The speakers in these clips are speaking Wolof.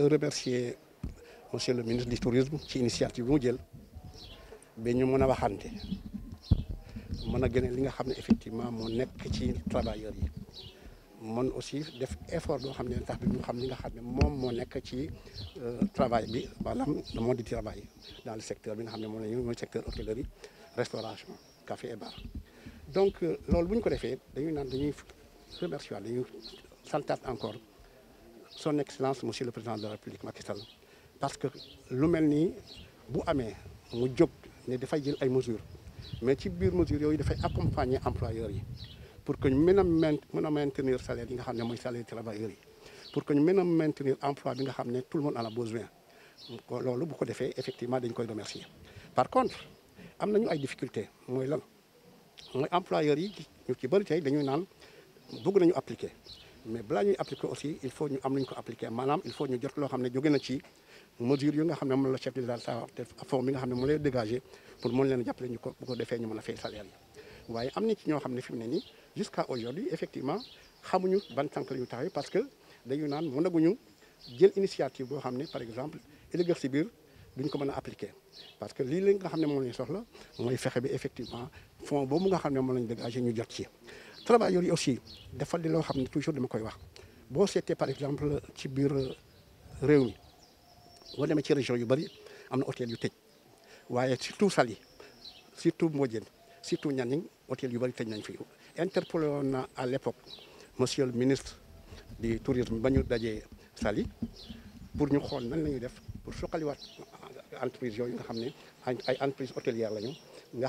remercier monsieur le ministre du tourisme qui initiative effectivement mon nekk ci travailleurs aussi def effort tax nga euh, le monde du travail dans le secteur bi nga secteur hôtellerie restauration café et bar donc euh, lool que ko dañuy dañuy encore son excellence monsieur le président de la république Macky Sall parce que lu melni bu amé mu jóg ne dafay jël ay mesures mais ci biir mesures yooyu dafay accompagner employeurs yi pour que ñu mën a maintenir salaire yi nga xamné moy salaire travailleurs yi pour que ñu mën maintenir emploi bi nga xamné tout le monde a la besoin lolu bu ko défé effectivement dañ koy remercier par contre am nañu ay difficultés moy lan moy employeur yi ñu ci bari tay dañuy naan bëgg nañu appliquer mais balaa ñuy appliquer aussi il faut ñu am lu ko appliquer manam il faut ñu jot lo xamné jogé na ci mesure yu nga xamné ne la chef de l'État sa fond mi nga xamné mo lay dégager pour mo leen jappalé ñu ko bu ko défé ñu mën fay salaire yi waaye am na ci ño xamné fimné ni jusqu'à aujourd'hui effectivement xamuñu ban tànk la ñu parce que dañu mo naguñu jël initiative bo xamné par exemple ëllëg si biir duñ ko mëna appliquer parce que li li nga xamné mo lay la ñu soxla mooy fexe bi effectivement fond bo mu nga xamné mo lañ dégager ñu jot ci Travail travail aussi dafa di toujours dama koy par exemple ci euh, ci région yu hôtel yu surtout sali surtout surtout hôtel yu nañ fi à l'époque monsieur le ministre du tourisme bañu dajé sali, pour ñu rendre, nan pour entreprise yo nga entreprise hôtelière lañu nga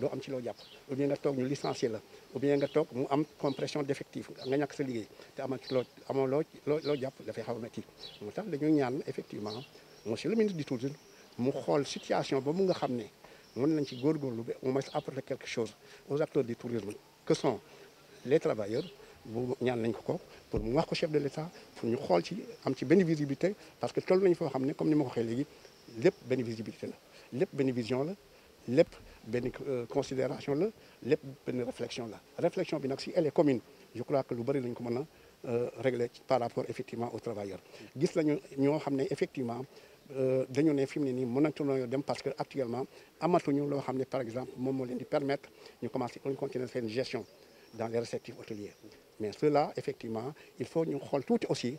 do am ci lo japp ou bien nga tok ñu licencier la ou bien nga tok mu am compression d'effectif nga ñak sa liggéey te am ci loo amoo lo loo jàpp dafay xaw a métti moo tax dañu ñaan effectivement monsieur le ministre du tourisme mu xol situation ba mu nga xam mën nañ ci gor góorgóorlu ba au moins apporter quelque chose aux acteurs du tourisme que sont les travailleurs bu ñaan nañ ko ko pour mu wax ko chef de l'État pour ñu xol ci am ci benn visibilité parce que tol nañ fo xam comme ni mako ko waxee léegi lépp benn visibilité la lépp benn vision la les considérations euh, considération la lépp benn réflexion la réflexion bi nag elle est commune je crois que lu bëri lañ ko mën euh, régler par rapport effectivement aux travailleurs gis nañu ñoo xam ne effectivement euh, dañu ne fi mu ne nii dem parce que actuellement amatuñu loo xam par exemple moom moo leen di permettre ñu commencer à faire une gestion dans les réceptifs hôteliers mais cela effectivement il faut ñu xool tuuti aussi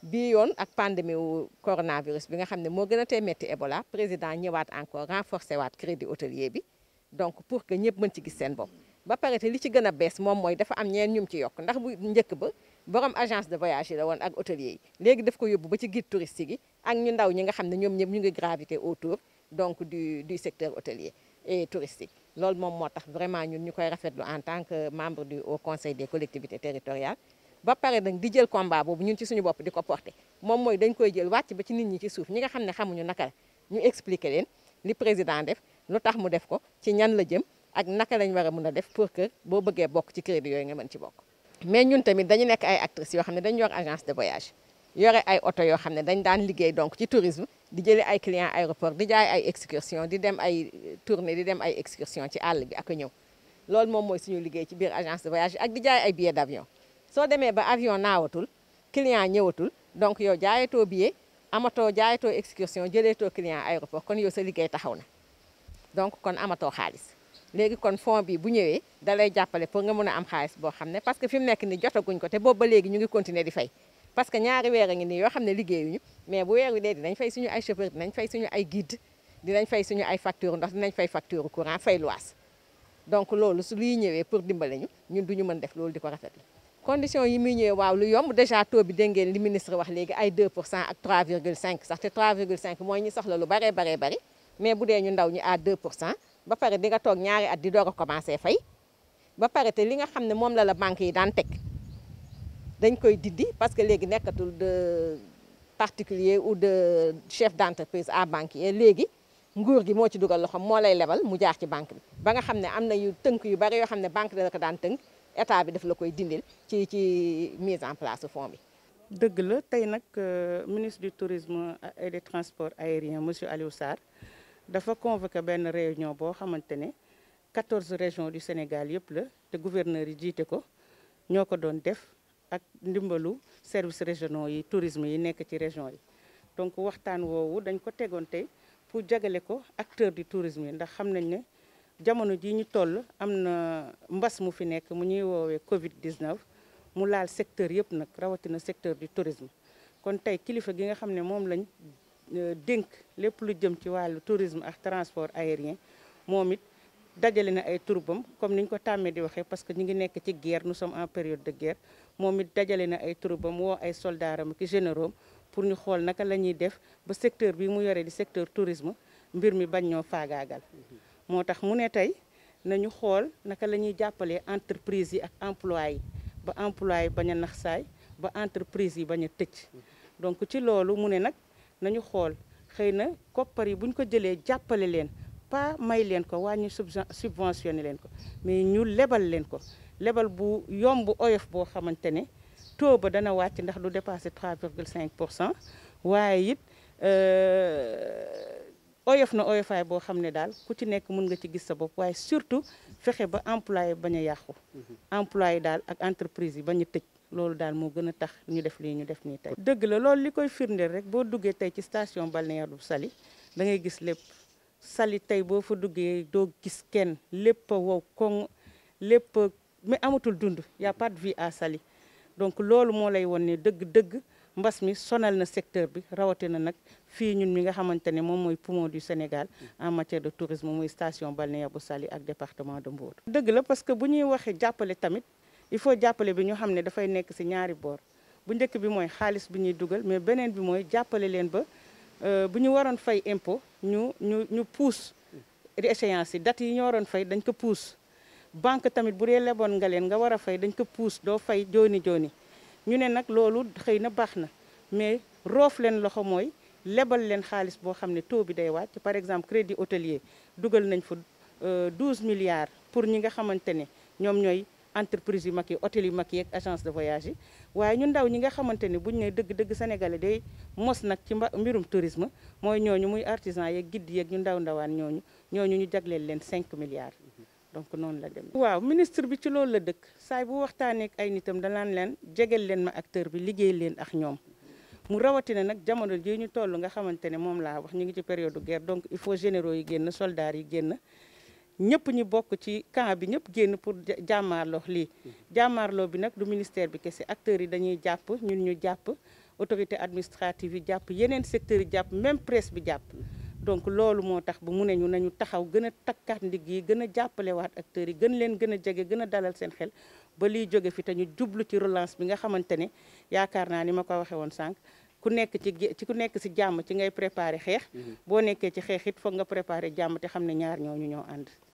bien yoon ak pandémie wu coronavirus bi nga xam ne moo gën a tey metti Ebola président ñëwaat encore renforcer waat crédit hôtelier bi donc pour que ñëpp mën ci gis seen bopp. ba pare te li ci gën a bees moom mooy dafa am ñeen ñum ci yokk ndax bu ba borom agence de voyage yi la woon ak hôtelier Les léegi daf ko yóbbu ba ci guide touristique yi ak ñu ndaw ñi nga xam ñu ngi gravité autour donc du du secteur hôtelier et touristique. loolu moom moo vraiment ñun nous croyons rafetlu en tant que membre du Haut Conseil des collectivités territoriales ba pare nak di jël combat bobu ñun ci suñu bop di ko porter mom moy dañ koy jël wacc ba ci nit ñi ci suuf ñi nga xamné xamuñu nakal ñu expliquer len li président def lu tax mu def ko ci ñan la jëm ak naka lañ wara mëna def pour que bo bëggee bok ci crédit yoy nga mën ci bok mais ñun tamit dañu nek ay actrice yo xamné ne dañu yor agence de voyage yoré ay auto yo xamné dañ daan liggéey donc ci tourisme di jëli ay client aéroport di jaay ay excursion di dem ay tournée di dem ay excursion ci àll bi ak ñew lool mom moy suñu liggéey ci biir agence de voyage ak di jaay ay billets d'avion soo demee ba avion naawatul client ñëwatul donc yow jaayatoo billet amatoo jaayatoo excursion jëleetoo client aéroport kon yow sa liggéey taxaw na donc kon amatoo xaalis léegi kon fond bi bu ñëwee da lay jàppale pour nga mëna a am xaalis boo xam ne parce que fi mu nekk ni jotaguñ ko te boobu légui léegi ñu ngi continuer di fay parce que ñaari weer a ngi nii yoo xam ne liggéeyuñu mais bu weer wi dee dinañ fay suñu ay chauffeur dinañ fay suñu ay guide dinañ fay suñu ay facture ndox dinañ fay facture courant fay luwaas donc loolu su li ñëwee pour dimbale ñu ñun duñu mën def loolu di ko rafetlu condition yi mi ñëwee waaw lu yomb déjà taux bi dégg ngeen li ministre wax légui ay 2 ak 3,5 sax té 3,5 moy ñi soxla lu baree baree bari mais boudé ñu ndaw ñi à 2 ba paré di nga tok ñaari at di doog commencé fay ba paré té li nga xamné mom la la banque yi daan teg dañ koy didi parce que légui nekatul de particulier ou de chef d'entreprise à banquier légui nguur gi mo ci dugal loxam mo lay lebal mu jaar ci banque bi ba nga xamné ne yu teunk yu bari yo xamné ne banque da la ko daan teunk état bi daf la koy dindil ci ci mise en place fond bi. deug la tay nak euh, ministre du tourisme et des transports aériens monsieur Aliou Sarr dafa convoquer ben réunion bo xamantene 14 régions du Sénégal yep la te gouverneur yi jiite ko ñoko don def ak ndimbalu services régionaux yi tourisme yi nek ci région yi donc waxtan wowo dañ ko tégon tey pour jagale ko acteur du tourisme ndax xam nañ ne. jamono ji ñu toll am na mbas mu fi nekk mu ñuy woowee Covid 19 mu laal secteur yëpp nag rawatina secteur du tourisme kon tey kilifa gi nga xam ne moom lañ euh, dénk lépp lu jëm ci wàllu tourisme ak transport aérien moom it dajale na ay turbam comme niñ ko tàmmee di waxee parce que ñu ngi nekk ci guerre nous en période de guerre moom it dajale na ay turbam woo ay soldaaram ki généraux pour ñu xool naka la ñuy def ba secteur bi mu yore di secteur tourisme mbir mi bañ ñoo faagaagal. moo tax mu ne tey nañu xool naka lañuy ñuy jàppalee entreprise yi ak emploi yi ba emploi bañ a naxsaay ba entreprise yi bañ a tëj donc ci loolu mu ne nag nañu xool xëy na koppar yi bu ñu ko jëlee jàppale leen pas may leen ko wàññi subventionné leen ko mais ñu lebal leen ko lebal bu yomb oyof boo xamante ne taux ba dana wàcc ndax du dépassé 3,5 pour cent waaye it euh, oyof na oyofaay bo xamné dal daal ku ci nekk mën nga ci gis sa bop waaye surtout fexé ba employé baña yaxu mhm. employé dal ak entreprise yi bañ a tëj dal mo gëna tax ñu def li ñu def ni tay deug la loolu likoy firndel rek bo duggé tay ci station balnéaire du sali da ngay gis lepp sali tay bo fa duggé do gis kenn lepp wo kong lepp mais amatul dund Y'a a pas de vie à sali. donc loolu mo lay wonné deug deug mbas mi sonal na secteur bi na nag fii ñun mi nga xamante ne moom mooy poumon du Sénégal en matière de tourisme mooy station balnéaire bu sali ak département de Mbour. dëgg la parce que bu ñuy waxee jàppale tamit il faut jàppale bi ñu xam ne dafay nekk si ñaari boor bu njëkk bi mooy xaalis bi ñuy dugal mais beneen bi mooy jàppale leen ba euh, bu ñu waroon fay impôt ñu ñu ñu pousse échéance yi date yi ñu waroon fay dañ ko pousse banque tamit bu dee leboon nga leen nga war a fay dañ ko pousse doo fay jooni jooni. ñu ne nag loolu xëy na baax na mais roof leen loxo mooy lebal leen xaalis boo xam ne taux bi day wàcc par exemple crédit hôtelier dugal nañ fa 12 euh, milliards pour ñi nga xamante ne ñoom ñooy entreprise yu mag yi hôtel yu mag yi agence de voyage yi waaye ñu ndaw ñi nga xamante ne ñu ne dëgg-dëgg sénégalais day mos nag ci mbirum tourisme mooy ñooñu muy artisan yeeg gidd yeeg ñu ndaw ndawaan ñooñu ñooñu ñu jagleel leen 5 milliards donc non la dem waaw ministre bi ci loolu la dëkk saay bu waxtaanee ak ay nitam da danaan leen jegel leen ma acteur bi liggéey leen ak ñoom mu rawatina nag jamono jii ñu toll nga xamante ne moom laa wax ñu ngi ci période guerre donc il faut généraux yi génn soldats yi génn ñëpp ñu bokk ci camp bi ñëpp génn pour jàmmaarloo lii. jàmmaarloo bi nag du ministère bi kese acteurs yi dañuy jàpp ñun ñu jàpp autorité administrative yi jàpp yeneen secteurs yi jàpp même presse bi jàpp donc loolu moo tax ba mu ñu nañu taxaw gën a takkaat ndigg yi gën a jàppalewaat acteurs yi gën leen gën a jege gën a dalal seen xel ba jóge fi te ñu jublu ci relance bi nga xamante ne yaakaar ni ma ku nekk ci ci ku nekk ci ngay préparer xeex mm-hmm. boo nekkee ci xeex it foog nga préparer jàmm